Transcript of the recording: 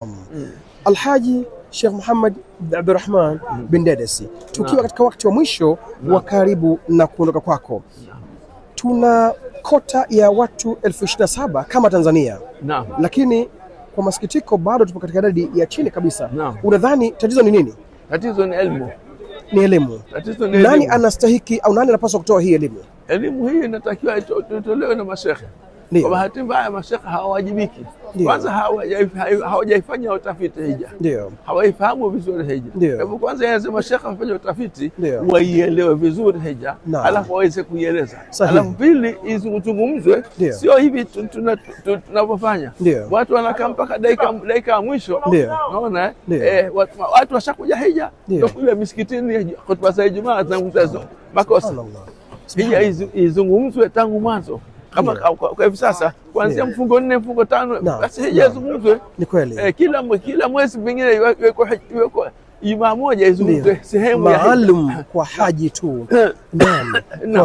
Mm. Alhaji Sheikh Muhammad Abdurrahman mm. bin Dedesi, tukiwa katika wakati wa mwisho wa karibu na kuondoka kwako tuna kota ya watu elfu ishirini na saba kama Tanzania lakini kwa masikitiko bado tupo katika idadi ya chini kabisa unadhani tatizo ni nini? Tatizo ni elimu, ni elimu. Tatizo ni elimu. Nani anastahiki au nani anapaswa kutoa hii elimu? Elimu hii inatakiwa itolewe na mashehe kwa bahati mbaya mashekhe hawawajibiki, kwanza hawajaifanya utafiti hija, hawaifahamu vizuri hija. Hebu kwanza lazima mashekhe wafanye utafiti, waielewe vizuri hija, alafu waweze kuieleza. Alafu pili izungumzwe, sio hivi tunavyofanya. Watu wanakaa mpaka dakika ya mwisho, naona eh? Eh, watu washakuja hija, ndio kule misikitini hotuba za Ijumaa zinazungumza makosa. Hija izungumzwe tangu mwanzo kama kwa hivi sasa ah, kuanzia mfungo nne mfungo tano basi hija izungumzwe. Ni kweli, eh, kila kila mwezi pengine iwekwe Ijumaa moja izungumzwe sehemu maalum kwa haji tu. Eh. Naam.